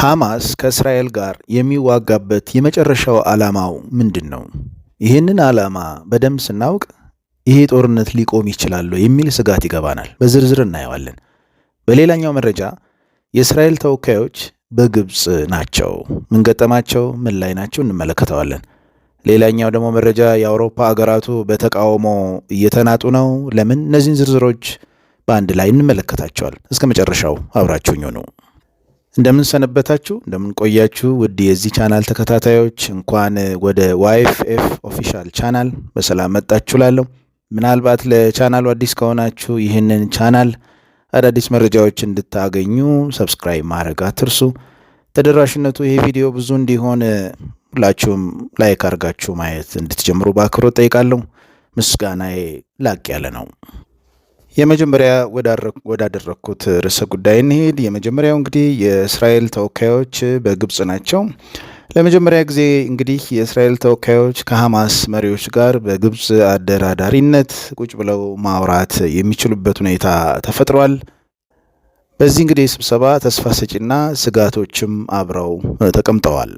ሐማስ ከእስራኤል ጋር የሚዋጋበት የመጨረሻው ዓላማው ምንድን ነው? ይህንን ዓላማ በደንብ ስናውቅ ይሄ ጦርነት ሊቆም ይችላል የሚል ስጋት ይገባናል። በዝርዝር እናየዋለን። በሌላኛው መረጃ የእስራኤል ተወካዮች በግብፅ ናቸው። ምን ገጠማቸው? ምን ላይ ናቸው? እንመለከተዋለን። ሌላኛው ደግሞ መረጃ የአውሮፓ አገራቱ በተቃውሞ እየተናጡ ነው። ለምን? እነዚህን ዝርዝሮች በአንድ ላይ እንመለከታቸዋል። እስከ መጨረሻው አብራችሁኝ ነው። እንደምን ሰነበታችሁ፣ እንደምን ቆያችሁ? ውድ የዚህ ቻናል ተከታታዮች እንኳን ወደ ዋይፍኤፍ ኦፊሻል ቻናል በሰላም መጣችሁ ላለሁ። ምናልባት ለቻናሉ አዲስ ከሆናችሁ ይህንን ቻናል አዳዲስ መረጃዎች እንድታገኙ ሰብስክራይብ ማድረግ አትርሱ። ተደራሽነቱ ይሄ ቪዲዮ ብዙ እንዲሆን ሁላችሁም ላይክ አድርጋችሁ ማየት እንድትጀምሩ በአክብሮት ጠይቃለሁ። ምስጋናዬ ላቅ ያለ ነው። የመጀመሪያ ወዳደረግኩት ርዕሰ ጉዳይ እንሄድ። የመጀመሪያው እንግዲህ የእስራኤል ተወካዮች በግብፅ ናቸው። ለመጀመሪያ ጊዜ እንግዲህ የእስራኤል ተወካዮች ከሐማስ መሪዎች ጋር በግብፅ አደራዳሪነት ቁጭ ብለው ማውራት የሚችሉበት ሁኔታ ተፈጥሯል። በዚህ እንግዲህ ስብሰባ ተስፋ ሰጪና ስጋቶችም አብረው ተቀምጠዋል።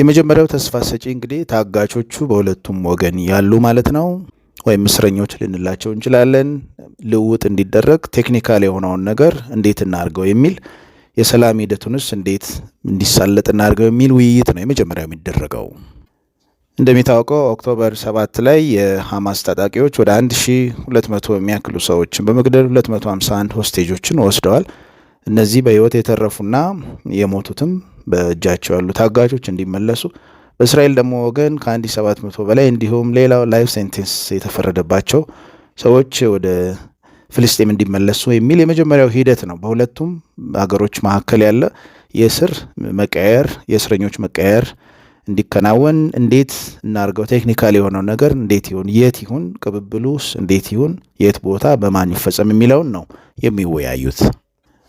የመጀመሪያው ተስፋ ሰጪ እንግዲህ ታጋቾቹ በሁለቱም ወገን ያሉ ማለት ነው። ወይም እስረኞች ልንላቸው እንችላለን። ልውውጥ እንዲደረግ ቴክኒካል የሆነውን ነገር እንዴት እናርገው የሚል የሰላም ሂደቱንስ እንዴት እንዲሳለጥ እናርገው የሚል ውይይት ነው የመጀመሪያው የሚደረገው። እንደሚታወቀው ኦክቶበር 7 ላይ የሐማስ ታጣቂዎች ወደ 1200 የሚያክሉ ሰዎችን በመግደል 251 ሆስቴጆችን ወስደዋል። እነዚህ በህይወት የተረፉና የሞቱትም በእጃቸው ያሉ ታጋቾች እንዲመለሱ በእስራኤል ደግሞ ወገን ከአንድ ሰባት መቶ በላይ እንዲሁም ሌላው ላይፍ ሴንቴንስ የተፈረደባቸው ሰዎች ወደ ፍልስጤም እንዲመለሱ የሚል የመጀመሪያው ሂደት ነው። በሁለቱም ሀገሮች መካከል ያለ የእስር መቀየር፣ የእስረኞች መቀየር እንዲከናወን እንዴት እናርገው፣ ቴክኒካል የሆነው ነገር እንዴት ይሁን፣ የት ይሁን፣ ቅብብሉስ እንዴት ይሁን፣ የት ቦታ በማን ይፈጸም የሚለውን ነው የሚወያዩት።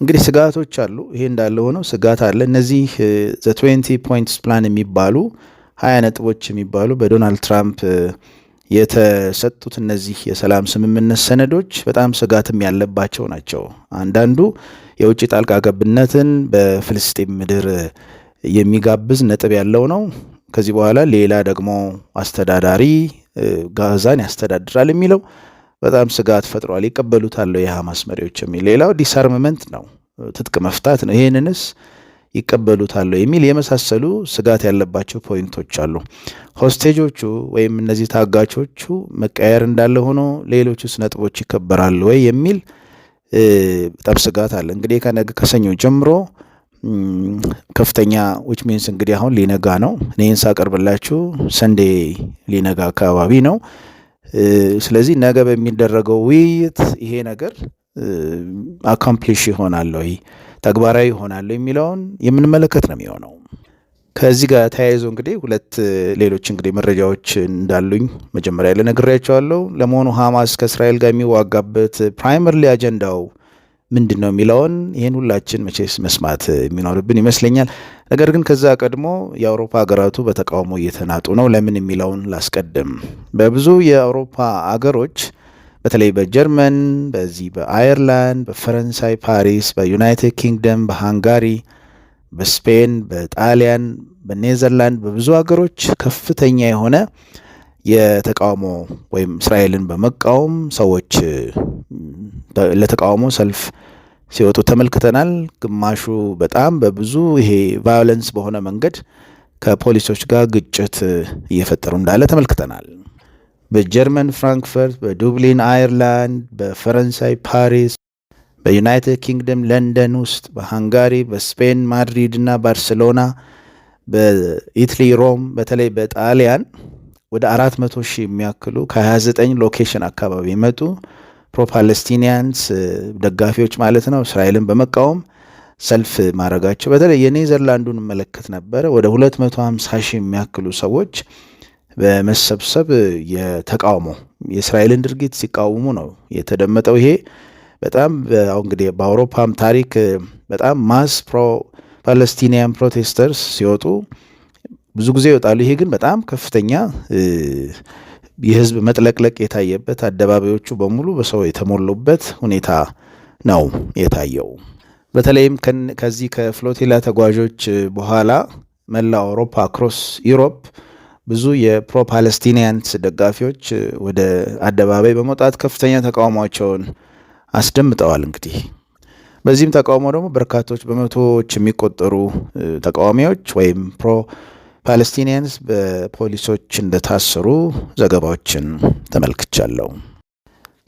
እንግዲህ ስጋቶች አሉ። ይሄ እንዳለ ሆነው ስጋት አለ። እነዚህ ዘ ትዌንቲ ፖይንትስ ፕላን የሚባሉ ሀያ ነጥቦች የሚባሉ በዶናልድ ትራምፕ የተሰጡት እነዚህ የሰላም ስምምነት ሰነዶች በጣም ስጋትም ያለባቸው ናቸው። አንዳንዱ የውጭ ጣልቃ ገብነትን በፍልስጤም ምድር የሚጋብዝ ነጥብ ያለው ነው። ከዚህ በኋላ ሌላ ደግሞ አስተዳዳሪ ጋዛን ያስተዳድራል የሚለው በጣም ስጋት ፈጥሯል። ይቀበሉታል የሐማስ መሪዎች የሚል ሌላው ዲስአርምመንት ነው፣ ትጥቅ መፍታት ነው። ይህንንስ ይቀበሉታል የሚል የመሳሰሉ ስጋት ያለባቸው ፖይንቶች አሉ። ሆስቴጆቹ ወይም እነዚህ ታጋቾቹ መቀየር እንዳለ ሆኖ ሌሎቹስ ነጥቦች ይከበራሉ ወይ የሚል በጣም ስጋት አለ። እንግዲህ ከነገ ከሰኞ ጀምሮ ከፍተኛ ዊች ሚንስ እንግዲህ አሁን ሊነጋ ነው። እኔን ሳቀርብላችሁ ሰንዴ ሊነጋ አካባቢ ነው። ስለዚህ ነገ በሚደረገው ውይይት ይሄ ነገር አካምፕሊሽ ይሆናል ወይ ተግባራዊ ይሆናሉ የሚለውን የምንመለከት ነው የሚሆነው። ከዚህ ጋር ተያይዞ እንግዲህ ሁለት ሌሎች እንግዲህ መረጃዎች እንዳሉኝ መጀመሪያ ላይ ለመሆኑ ሐማስ ከእስራኤል ጋር የሚዋጋበት ፕራይመርሊ አጀንዳው ምንድን ነው የሚለውን ይህን ሁላችን መቼስ መስማት የሚኖርብን ይመስለኛል። ነገር ግን ከዛ ቀድሞ የአውሮፓ ሀገራቱ በተቃውሞ እየተናጡ ነው ለምን የሚለውን ላስቀድም። በብዙ የአውሮፓ አገሮች በተለይ በጀርመን በዚህ በአየርላንድ፣ በፈረንሳይ ፓሪስ፣ በዩናይትድ ኪንግደም፣ በሃንጋሪ፣ በስፔን፣ በጣሊያን፣ በኔዘርላንድ በብዙ ሀገሮች ከፍተኛ የሆነ የተቃውሞ ወይም እስራኤልን በመቃወም ሰዎች ለተቃውሞ ሰልፍ ሲወጡ ተመልክተናል። ግማሹ በጣም በብዙ ይሄ ቫዮለንስ በሆነ መንገድ ከፖሊሶች ጋር ግጭት እየፈጠሩ እንዳለ ተመልክተናል። በጀርመን ፍራንክፈርት፣ በዱብሊን አየርላንድ፣ በፈረንሳይ ፓሪስ፣ በዩናይትድ ኪንግደም ለንደን ውስጥ፣ በሃንጋሪ፣ በስፔን ማድሪድ እና ባርሴሎና፣ በኢትሊ ሮም፣ በተለይ በጣሊያን ወደ መቶ ሺህ የሚያክሉ ከ29 ሎኬሽን አካባቢ የመጡ ፕሮፓለስቲኒያንስ ደጋፊዎች ማለት ነው እስራኤልን በመቃወም ሰልፍ ማድረጋቸው በተለይ የኔዘርላንዱን መለከት ነበረ። ወደ 250 ሺህ የሚያክሉ ሰዎች በመሰብሰብ የተቃውሞ የእስራኤልን ድርጊት ሲቃወሙ ነው የተደመጠው። ይሄ በጣም እንግዲህ በአውሮፓም ታሪክ በጣም ማስ ፕሮ ፓለስቲኒያን ፕሮቴስተርስ ሲወጡ ብዙ ጊዜ ይወጣሉ። ይሄ ግን በጣም ከፍተኛ የህዝብ መጥለቅለቅ የታየበት አደባባዮቹ በሙሉ በሰው የተሞሉበት ሁኔታ ነው የታየው። በተለይም ከዚህ ከፍሎቲላ ተጓዦች በኋላ መላው አውሮፓ ክሮስ ዩሮፕ ብዙ የፕሮፓለስቲንያን ደጋፊዎች ወደ አደባባይ በመውጣት ከፍተኛ ተቃውሟቸውን አስደምጠዋል። እንግዲህ በዚህም ተቃውሞ ደግሞ በርካቶች በመቶዎች የሚቆጠሩ ተቃዋሚዎች ወይም ፕሮ ፓለስቲኒያንስ በፖሊሶች እንደታሰሩ ዘገባዎችን ተመልክቻለሁ።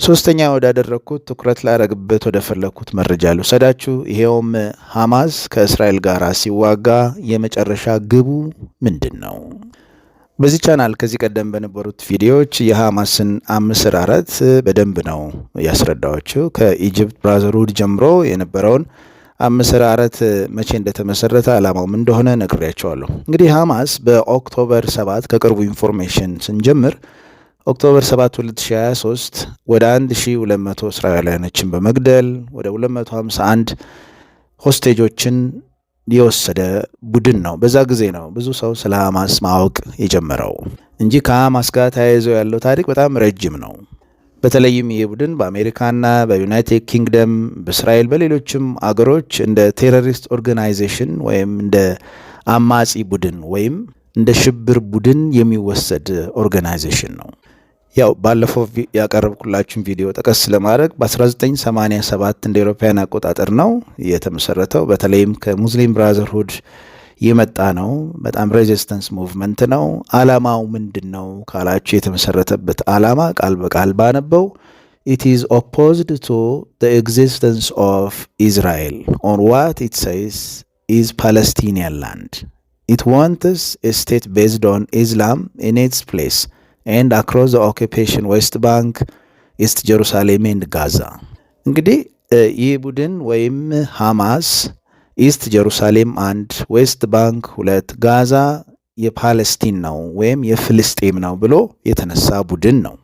ሶስተኛ ወዳደረግኩት ትኩረት ላረግበት ወደ ፈለግኩት መረጃ ልውሰዳችሁ። ይሄውም ሐማስ ከእስራኤል ጋር ሲዋጋ የመጨረሻ ግቡ ምንድን ነው? በዚህ ቻናል ከዚህ ቀደም በነበሩት ቪዲዮዎች የሐማስን አመሰራረት በደንብ ነው ያስረዳዎችው። ከኢጅፕት ብራዘርሁድ ጀምሮ የነበረውን አመሰራረት መቼ እንደተመሰረተ ዓላማውም እንደሆነ ነግሬያቸዋለሁ። እንግዲህ ሐማስ በኦክቶበር 7 ከቅርቡ ኢንፎርሜሽን ስንጀምር ኦክቶበር 7 2023 ወደ 1200 እስራኤላውያኖችን በመግደል ወደ 251 ሆስቴጆችን የወሰደ ቡድን ነው። በዛ ጊዜ ነው ብዙ ሰው ስለ ሐማስ ማወቅ የጀመረው እንጂ ከሐማስ ጋር ተያይዘው ያለው ታሪክ በጣም ረጅም ነው። በተለይም ይህ ቡድን በአሜሪካና በዩናይትድ ኪንግደም፣ በእስራኤል፣ በሌሎችም አገሮች እንደ ቴሮሪስት ኦርጋናይዜሽን ወይም እንደ አማጺ ቡድን ወይም እንደ ሽብር ቡድን የሚወሰድ ኦርጋናይዜሽን ነው። ያው ባለፈው ያቀረብኩላችሁን ቪዲዮ ጠቀስ ለማድረግ በ1987 እንደ ኤሮፓያን አቆጣጠር ነው የተመሰረተው። በተለይም ከሙስሊም ብራዘርሁድ የመጣ ነው። በጣም ሬዚስተንስ ሙቭመንት ነው። አላማው ምንድን ነው ካላችሁ የተመሰረተበት አላማ ቃል በቃል ባነበው ኢት ኢዝ ኦፖዝድ ቱ ዘ ኤግዚስተንስ ኦፍ ኢዝራኤል ኦን ዋት ኢት ሴይስ ኢዝ ፓለስቲኒያን ላንድ ኢት ዋንትስ ስቴት ቤዝድ ኦን ኢስላም ኢን ኢትስ ፕሌስ ኤንድ አክሮስ ኦኪፔሽን ዌስት ባንክ፣ ኢስት ጀሩሳሌም ኤንድ ጋዛ። እንግዲህ ይህ ቡድን ወይም ሐማስ ኢስት ጀሩሳሌም አንድ፣ ዌስት ባንክ ሁለት፣ ጋዛ የፓለስቲን ነው ወይም የፍልስጤም ነው ብሎ የተነሳ ቡድን ነው።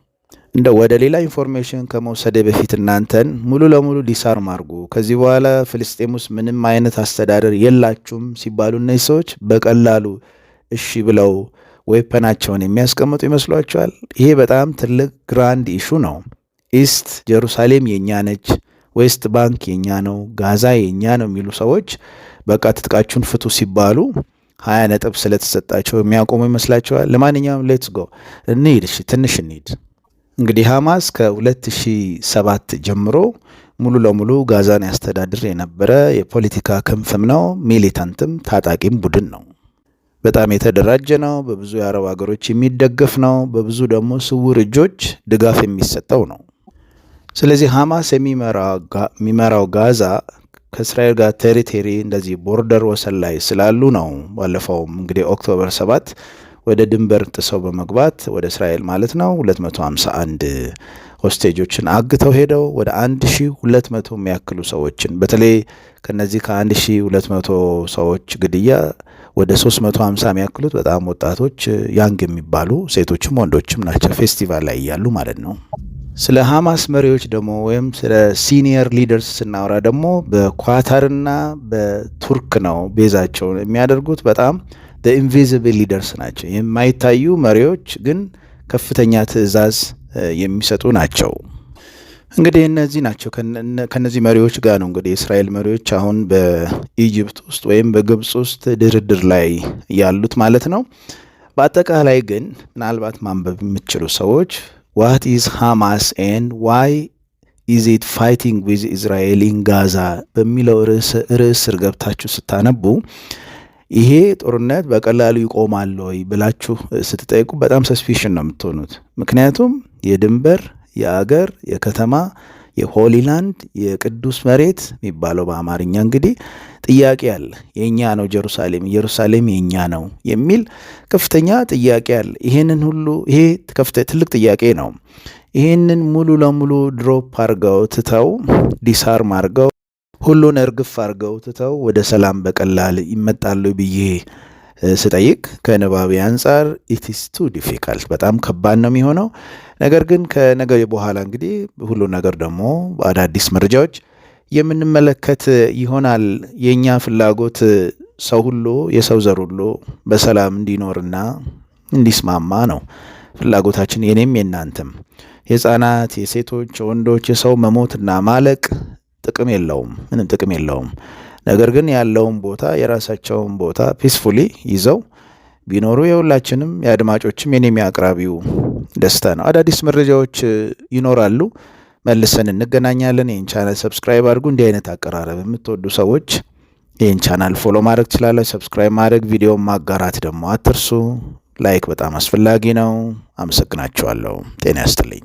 እንደ ወደ ሌላ ኢንፎርሜሽን ከመውሰደ በፊት እናንተን ሙሉ ለሙሉ ዲሳርም አድርጉ። ከዚህ በኋላ ፍልስጤም ውስጥ ምንም አይነት አስተዳደር የላችሁም ሲባሉ እነዚህ ሰዎች በቀላሉ እሺ ብለው ዌፐናቸውን የሚያስቀምጡ ይመስሏቸዋል? ይሄ በጣም ትልቅ ግራንድ ኢሹ ነው። ኢስት ጀሩሳሌም የእኛ ነች፣ ዌስት ባንክ የእኛ ነው፣ ጋዛ የእኛ ነው የሚሉ ሰዎች በቃ ትጥቃችሁን ፍቱ ሲባሉ ሀያ ነጥብ ስለተሰጣቸው የሚያቆሙ ይመስላቸዋል። ለማንኛውም ሌትስ ጎ እንሂድ፣ እሺ ትንሽ እንሂድ። እንግዲህ ሐማስ ከ2007 ጀምሮ ሙሉ ለሙሉ ጋዛን ያስተዳድር የነበረ የፖለቲካ ክንፍም ነው፣ ሚሊታንትም ታጣቂም ቡድን ነው። በጣም የተደራጀ ነው። በብዙ የአረብ ሀገሮች የሚደገፍ ነው። በብዙ ደግሞ ስውር እጆች ድጋፍ የሚሰጠው ነው። ስለዚህ ሐማስ የሚመራው ጋዛ ከእስራኤል ጋር ቴሪቴሪ እንደዚህ ቦርደር ወሰን ላይ ስላሉ ነው። ባለፈውም እንግዲህ ኦክቶበር 7 ወደ ድንበር ጥሰው በመግባት ወደ እስራኤል ማለት ነው 251 ሆስቴጆችን አግተው ሄደው ወደ 1200 የሚያክሉ ሰዎችን በተለይ ከነዚህ ከ1200 ሰዎች ግድያ ወደ 350 የሚያክሉት በጣም ወጣቶች ያንግ የሚባሉ ሴቶችም ወንዶችም ናቸው ፌስቲቫል ላይ እያሉ ማለት ነው። ስለ ሐማስ መሪዎች ደግሞ ወይም ስለ ሲኒየር ሊደርስ ስናወራ ደግሞ በኳታርና በቱርክ ነው ቤዛቸው የሚያደርጉት። በጣም ኢንቪዚብል ሊደርስ ናቸው። የማይታዩ መሪዎች ግን ከፍተኛ ትዕዛዝ የሚሰጡ ናቸው። እንግዲህ እነዚህ ናቸው። ከነዚህ መሪዎች ጋር ነው እንግዲህ የእስራኤል መሪዎች አሁን በኢጅፕት ውስጥ ወይም በግብፅ ውስጥ ድርድር ላይ ያሉት ማለት ነው። በአጠቃላይ ግን ምናልባት ማንበብ የምትችሉ ሰዎች ዋት ኢዝ ሃማስ ኤንድ ዋይ ኢዝ ኢት ፋይቲንግ ዊዝ ኢዝራኤል ኢን ጋዛ በሚለው ርዕስ ስር ገብታችሁ ስታነቡ ይሄ ጦርነት በቀላሉ ይቆማል ወይ ብላችሁ ስትጠይቁ በጣም ሰስፔንሽን ነው የምትሆኑት። ምክንያቱም የድንበር የአገር የከተማ የሆሊላንድ የቅዱስ መሬት የሚባለው በአማርኛ እንግዲህ ጥያቄ አለ። የእኛ ነው ጀሩሳሌም፣ ኢየሩሳሌም የእኛ ነው የሚል ከፍተኛ ጥያቄ አለ። ይሄንን ሁሉ ይሄ ትልቅ ጥያቄ ነው። ይህንን ሙሉ ለሙሉ ድሮፕ አርገው ትተው ዲሳርም አርገው ሁሉን እርግፍ አርገው ትተው ወደ ሰላም በቀላል ይመጣሉ ብዬ ስጠይቅ ከንባቤ አንጻር ኢትስ ቱ ዲፊካልት በጣም ከባድ ነው የሚሆነው። ነገር ግን ከነገ በኋላ እንግዲህ ሁሉ ነገር ደግሞ አዳዲስ መረጃዎች የምንመለከት ይሆናል። የእኛ ፍላጎት ሰው ሁሉ የሰው ዘር ሁሉ በሰላም እንዲኖርና እንዲስማማ ነው ፍላጎታችን፣ የኔም የእናንተም። የህፃናት፣ የሴቶች፣ ወንዶች፣ የሰው መሞትና ማለቅ ጥቅም የለውም፣ ምንም ጥቅም የለውም። ነገር ግን ያለውን ቦታ የራሳቸውን ቦታ ፒስፉሊ ይዘው ቢኖሩ የሁላችንም የአድማጮችም የኔም የአቅራቢው ደስታ ነው። አዳዲስ መረጃዎች ይኖራሉ። መልሰን እንገናኛለን። ይህን ቻናል ሰብስክራይብ አድርጉ። እንዲህ አይነት አቀራረብ የምትወዱ ሰዎች ይህን ቻናል ፎሎ ማድረግ ትችላለ ሰብስክራይብ ማድረግ፣ ቪዲዮ ማጋራት ደግሞ አትርሱ። ላይክ በጣም አስፈላጊ ነው። አመሰግናችኋለሁ። ጤና ያስጥልኝ።